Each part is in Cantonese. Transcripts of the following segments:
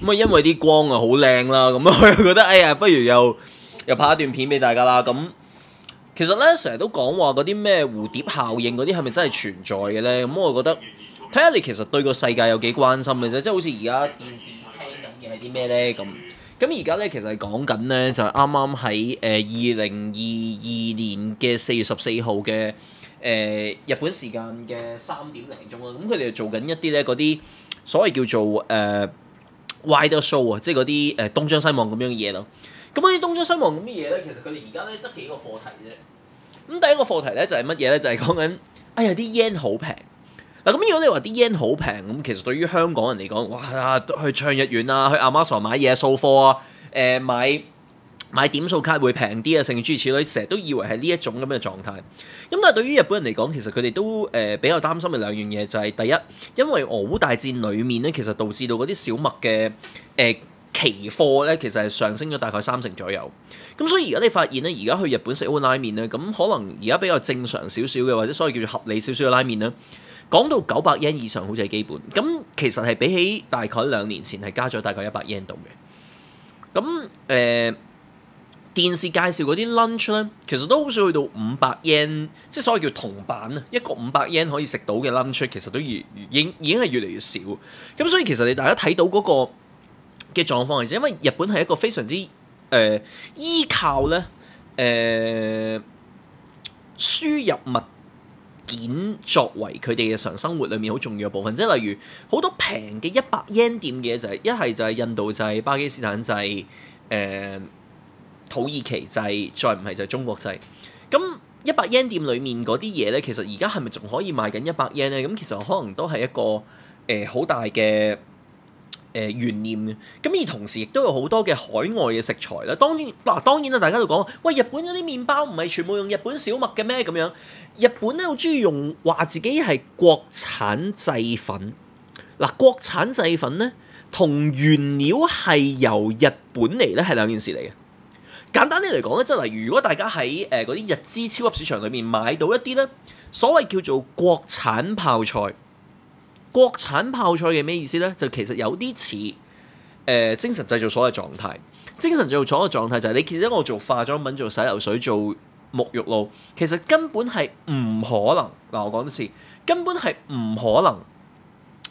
咁啊，因為啲光啊好靚啦，咁佢又覺得，哎呀，不如又又拍一段片俾大家啦。咁其實咧，成日都講話嗰啲咩蝴蝶效應嗰啲係咪真係存在嘅咧？咁我覺得睇下你其實對個世界有幾關心嘅啫。即係好似而家電視聽緊嘅係啲咩咧？咁咁而家咧其實係講緊咧，就係啱啱喺誒二零二二年嘅四月十四號嘅誒日本時間嘅三點零鐘啊。咁佢哋做緊一啲咧嗰啲所謂叫做誒。呃 Wide show 啊？即係嗰啲誒東張西望咁樣嘢咯。咁嗰啲東張西望咁咩嘢咧？其實佢哋而家咧得幾個課題啫。咁第一個課題咧就係乜嘢咧？就係講緊哎呀啲 yen 好平嗱。咁如果你話啲 yen 好平咁，其實對於香港人嚟講，哇去唱日圓啊，去亞馬遜買嘢掃貨啊，誒、呃、買買點數卡會平啲啊，成諸如此類，成日都以為係呢一種咁嘅狀態。咁但係對於日本人嚟講，其實佢哋都誒、呃、比較擔心嘅兩樣嘢，就是，就係第一，因為俄烏大戰裡面呢，其實導致到嗰啲小麥嘅，呃、期貨呢，其實係上升咗大概三成左右。咁所以而家你發現呢，而家去日本食一碗拉麵呢，咁可能而家比較正常少少嘅，或者所謂叫做合理少少嘅拉麵呢，講到九百 yen 以上好似係基本。咁其實係比起大概兩年前係加咗大概一百 yen 度嘅。咁誒。呃電視介紹嗰啲 lunch 咧，其實都好少去到五百 yen，即係所謂叫銅板啊！一個五百 yen 可以食到嘅 lunch，其實都越已經已經係越嚟越，越，越，越，越少。咁所以其實你大家睇到嗰個嘅狀況係，因為日本係一個非常之誒、呃、依靠咧誒輸入物件作為佢哋日常生活裏面好重要嘅部分，即係例如好多平嘅一百 yen 店嘅嘢就係一係就係印度製、巴基斯坦製誒。呃土耳其製，再唔係就係中國製。咁一百 yen 店裏面嗰啲嘢咧，其實而家係咪仲可以賣緊一百 yen 咧？咁其實可能都係一個誒好、呃、大嘅誒懸念。咁而同時亦都有好多嘅海外嘅食材啦。當然嗱、啊，當然啦，大家都講喂，日本嗰啲麵包唔係全部用日本小麥嘅咩？咁樣日本咧好中意用話自己係國產製粉。嗱、啊，國產製粉咧同原料係由日本嚟咧係兩件事嚟嘅。簡單啲嚟講咧，即係嗱，如果大家喺誒嗰啲日資超級市場裏面買到一啲咧，所謂叫做國產泡菜，國產泡菜嘅咩意思咧？就其實有啲似誒精神製造所嘅狀態。精神製造所嘅狀態就係、是、你其實我做化妝品、做洗頭水、做沐浴露，其實根本係唔可能。嗱，我講啲事根本係唔可能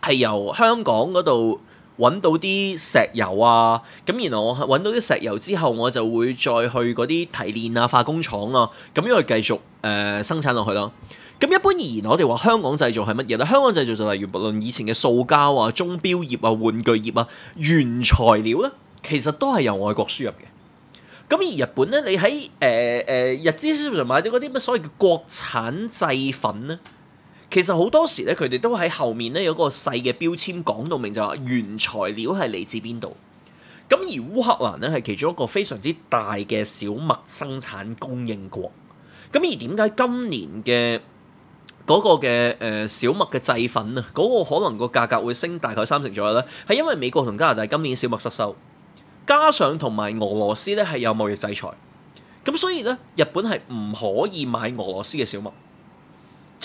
係由香港嗰度，揾到啲石油啊，咁然後我揾到啲石油之後，我就會再去嗰啲提煉啊化工廠啊，咁樣去繼續誒、呃、生產落去咯。咁一般而言，我哋話香港製造係乜嘢呢？香港製造就例如無論以前嘅塑膠啊、鐘錶業啊、玩具業啊，原材料呢，其實都係由外國輸入嘅。咁而日本呢，你喺誒誒日資超市買到嗰啲咩所謂嘅國產製粉呢？其實好多時咧，佢哋都喺後面咧有個細嘅標籤講到明，就話原材料係嚟自邊度。咁而烏克蘭咧係其中一個非常之大嘅小麥生產供應國。咁而點解今年嘅嗰個嘅誒小麥嘅製粉啊，嗰個可能個價格會升大概三成左右咧？係因為美國同加拿大今年小麥失收，加上同埋俄羅斯咧係有貿易制裁。咁所以咧，日本係唔可以買俄羅斯嘅小麥。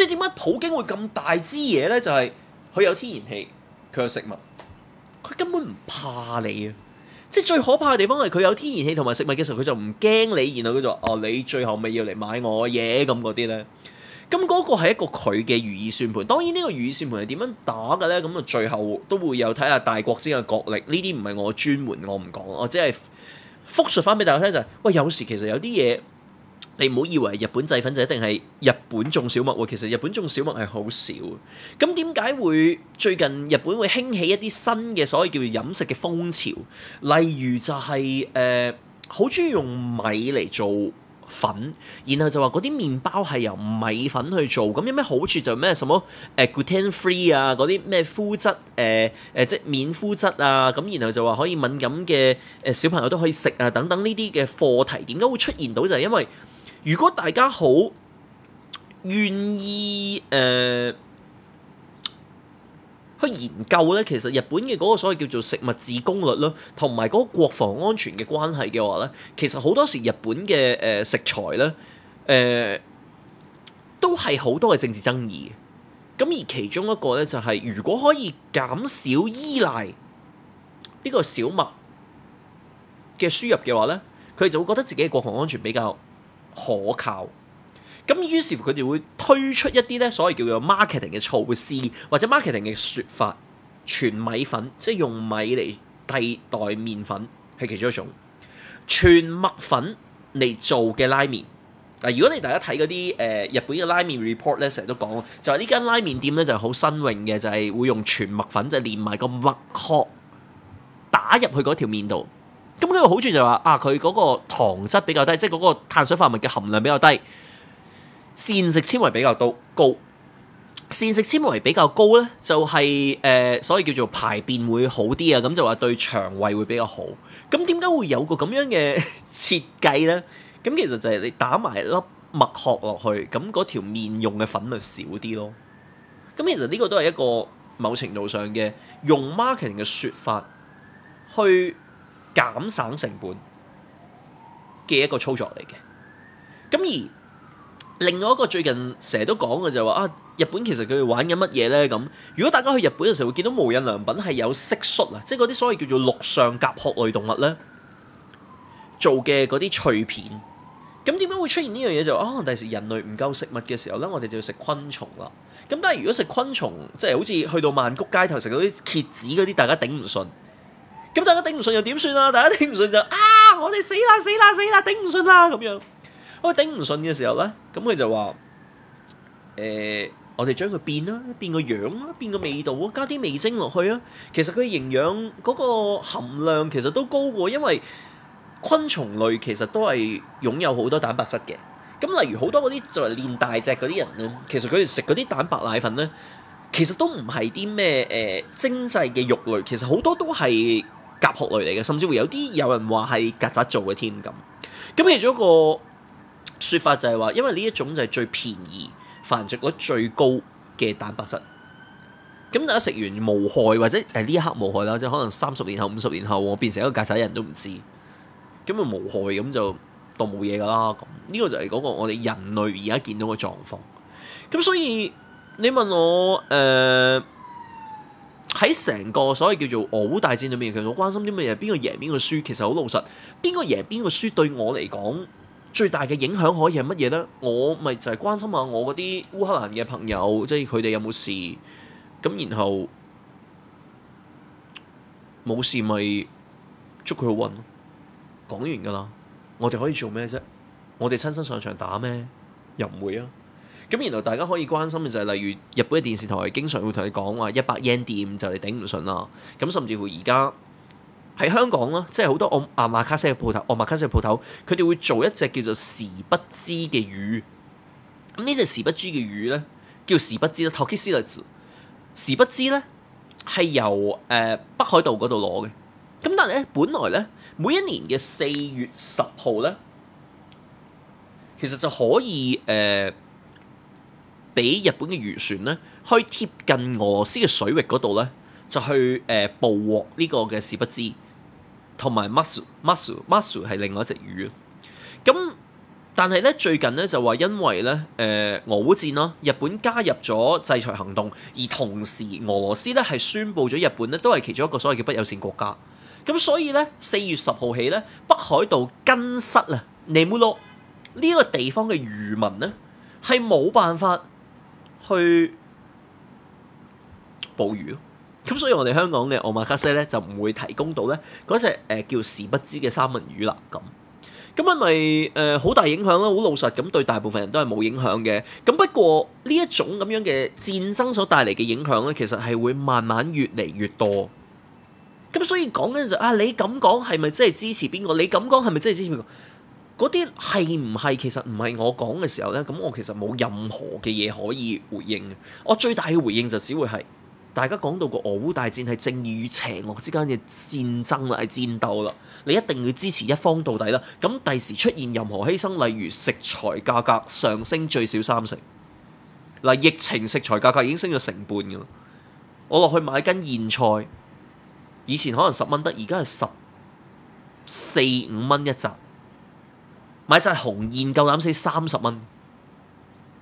即係點解普京會咁大支嘢咧？就係、是、佢有天然氣，佢有食物，佢根本唔怕你啊！即係最可怕嘅地方係佢有天然氣同埋食物嘅時候，佢就唔驚你，然後佢就啊、哦、你最後咪要嚟買我嘢咁嗰啲咧。咁嗰、嗯那個係一個佢嘅如意算盤。當然呢個如意算盤係點樣打嘅咧？咁、嗯、啊最後都會有睇下大國之間嘅角力。呢啲唔係我專門，我唔講，我只係複述翻俾大家聽就係、是：喂，有時其實有啲嘢。你唔好以為日本製粉就一定係日本種小麥喎。其實日本種小麥係好少。咁點解會最近日本會興起一啲新嘅所謂叫做飲食嘅風潮？例如就係誒好鍾意用米嚟做粉，然後就話嗰啲麵包係由米粉去做。咁有咩好處就咩？什麼「誒、呃、gluten free 啊？嗰啲咩麩質誒誒、呃呃、即係免麩質啊？咁然後就話可以敏感嘅誒、呃、小朋友都可以食啊等等呢啲嘅課題，點解會出現到就係、是、因為？如果大家好願意誒、呃、去研究咧，其實日本嘅嗰個所謂叫做食物自供率咯，同埋嗰個國防安全嘅關係嘅話咧，其實好多時日本嘅誒、呃、食材咧，誒、呃、都係好多嘅政治爭議。咁而其中一個咧就係、是，如果可以減少依賴呢個小麥嘅輸入嘅話咧，佢就會覺得自己嘅國防安全比較可靠，咁於是乎佢哋會推出一啲咧，所謂叫做 marketing 嘅措施或者 marketing 嘅説法，全米粉即係用米嚟替代麵粉係其中一種，全麥粉嚟做嘅拉麵。嗱、啊，如果你大家睇嗰啲誒日本嘅拉麵 report 咧，成日都講，就係呢間拉麵店咧就係、是、好新穎嘅，就係、是、會用全麥粉就是、連埋個麥殼打入去嗰條麵度。咁呢個好處就係、是、話啊，佢嗰個糖質比較低，即係嗰個碳水化合物嘅含量比較低，膳食纖維比較多，高膳食纖維比較高呢，就係、是、誒、呃，所以叫做排便會好啲啊，咁就話對腸胃會比較好。咁點解會有個咁樣嘅設計呢？咁其實就係你打埋粒麥殼落去，咁嗰條麵用嘅粉量少啲咯。咁其實呢個都係一個某程度上嘅用 marketing 嘅説法去。減省成本嘅一個操作嚟嘅，咁而另外一個最近成日都講嘅就係話，啊，日本其實佢哋玩緊乜嘢咧？咁如果大家去日本嘅時候會見到無印良品係有蟋蟀啊，即係嗰啲所謂叫做陸上甲殼類動物咧做嘅嗰啲脆片，咁點解會出現呢樣嘢？就可能第時人類唔夠食物嘅時候咧，我哋就要食昆蟲啦。咁但係如果食昆蟲，即係好似去到曼谷街頭食嗰啲蠍子嗰啲，大家頂唔順。咁大家頂唔順又點算啊？大家頂唔順就啊，我哋死啦死啦死啦，頂唔順啦咁樣。我頂唔順嘅時候呢，咁佢就話：誒、呃，我哋將佢變啦，變個樣啦，變個味道，加啲味精落去啊。其實佢營養嗰個含量其實都高喎，因為昆蟲類其實都係擁有好多蛋白質嘅。咁例如好多嗰啲就嚟練大隻嗰啲人咧，其實佢哋食嗰啲蛋白奶粉呢，其實都唔係啲咩誒精細嘅肉類，其實好多都係。甲殼類嚟嘅，甚至會有啲有人話係曱甴做嘅添咁。咁其中一個說法就係話，因為呢一種就係最便宜、繁殖率最高嘅蛋白質。咁大家食完無害，或者誒呢一刻無害啦，即係可能三十年後、五十年後，我變成一個曱甴人都唔知。咁咪無害，咁就當冇嘢㗎啦。咁呢個就係講個我哋人類而家見到嘅狀況。咁所以你問我誒？呃喺成個所謂叫做俄烏大戰裏面，其實我關心啲乜嘢？邊個贏邊個輸？其實好老實，邊個贏邊個輸對我嚟講最大嘅影響可以係乜嘢咧？我咪就係關心下我嗰啲烏克蘭嘅朋友，即係佢哋有冇事？咁然後冇事咪捉佢去運祝佢好運咯。講完㗎啦，我哋可以做咩啫？我哋親身上場打咩？又唔會啊！咁原來大家可以關心嘅就係例如日本嘅電視台經常會同你講話一百 yen 店就你頂唔順啦，咁甚至乎而家喺香港啦，即係好多奧馬卡西嘅鋪頭，奧馬卡西嘅鋪頭佢哋會做一隻叫做時不知嘅魚。咁呢隻時不知嘅魚咧，叫時不知啦 tokishirazu 時不知咧係由誒、呃、北海道嗰度攞嘅。咁但係咧，本來咧每一年嘅四月十號咧，其實就可以誒。呃俾日本嘅漁船咧，可以貼近俄羅斯嘅水域嗰度咧，就去誒、呃、捕獲呢個嘅事。不知同埋 masu masu masu 係另外一隻魚。咁、嗯、但係咧最近咧就話因為咧誒、呃、俄烏戰啦，日本加入咗制裁行動，而同時俄羅斯咧係宣布咗日本咧都係其中一個所謂嘅不友善國家。咁、嗯、所以咧四月十號起咧北海道根室啊尼木洛呢個地方嘅漁民咧係冇辦法去捕魚咯，咁所以我哋香港嘅奧馬卡西咧就唔會提供到咧嗰隻叫時不知嘅三文魚啦，咁咁係咪誒好大影響咧？好老實咁對大部分人都係冇影響嘅。咁不過呢一種咁樣嘅戰爭所帶嚟嘅影響咧，其實係會慢慢越嚟越多。咁所以講緊就是、啊，你咁講係咪真係支持邊個？你咁講係咪真係支持邊個？嗰啲係唔係其實唔係我講嘅時候呢，咁我其實冇任何嘅嘢可以回應。我、哦、最大嘅回應就只會係大家講到個俄烏大戰係正義與邪惡之間嘅戰爭啦，係戰鬥啦。你一定要支持一方到底啦。咁第時出現任何犧牲，例如食材價格上升最少三成嗱，疫情食材價格已經升咗成半㗎啦。我落去買斤莧菜，以前可能十蚊得，而家係十四五蚊一紮。買隻紅燕夠膽死三十蚊，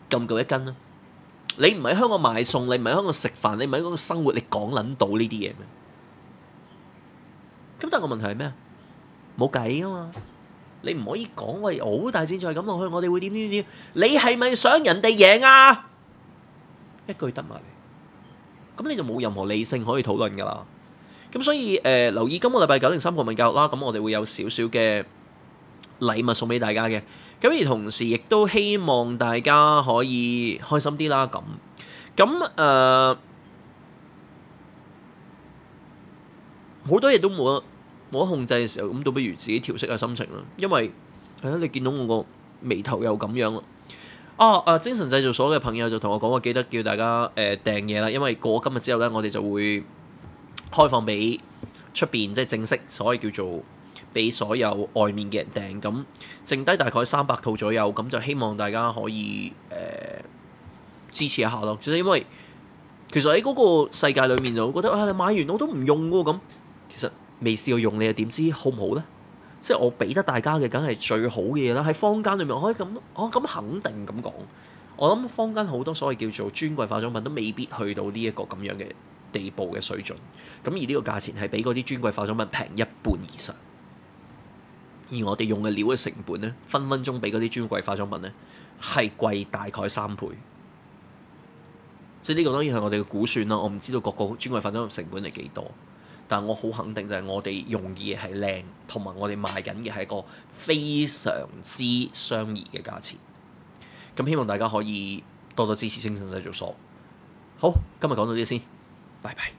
咁夠一斤啦！你唔喺香港買餸，你唔喺香港食飯，你唔喺香港生活，你講撚到呢啲嘢咩？咁但係個問題係咩啊？冇計啊嘛！你唔可以講喂，好大戰再咁落去，我哋會點點點？你係咪想人哋贏啊？一句得埋，咁你就冇任何理性可以討論噶啦。咁所以誒，留意今個禮拜九零三國民教育啦。咁我哋會有少少嘅禮物送俾大家嘅，咁而同時亦都希望大家可以開心啲啦。咁咁誒好多嘢都冇得冇得控制嘅時候，咁倒不如自己調適下心情啦。因為係啊，你見到我個眉頭又咁樣啦。哦，誒精神製造所嘅朋友就同我講話，記得叫大家誒訂嘢啦，因為過今日之後咧，我哋就會開放俾出邊，即係正式，所以叫做。俾所有外面嘅人訂，咁剩低大概三百套左右，咁就希望大家可以誒、呃、支持一下咯，只因為其實喺嗰個世界裏面就會覺得啊，你買完我都唔用喎咁，其實未試過用你又點知好唔好咧？即係我俾得大家嘅梗係最好嘅嘢啦，喺坊間裏面我可以咁、啊，我咁肯定咁講，我諗坊間好多所謂叫做專櫃化妝品都未必去到呢一個咁樣嘅地步嘅水準，咁而呢個價錢係比嗰啲專櫃化妝品平一半以上。而我哋用嘅料嘅成本咧，分分鐘比嗰啲專櫃化妝品咧係貴大概三倍。所以呢個當然係我哋嘅估算啦，我唔知道各個個專櫃化妝品成本係幾多，但係我好肯定就係我哋用嘅嘢係靚，同埋我哋賣緊嘅係一個非常之相宜嘅價錢。咁希望大家可以多多支持精神製造所。好，今日講到呢度先，拜拜。